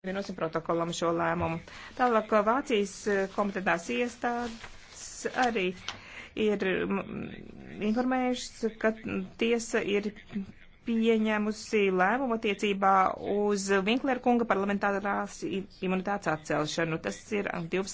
pievienosim protokolam šo lēmumu. Tālāk eh, Vācijas eh, kompetentās iestādes arī ir mm, informējušas, ka tiesa ir pieņēmusi lēmumu attiecībā uz Vinklera kunga parlamentārās imunitātes atcelšanu. Tas ir 12. Eh,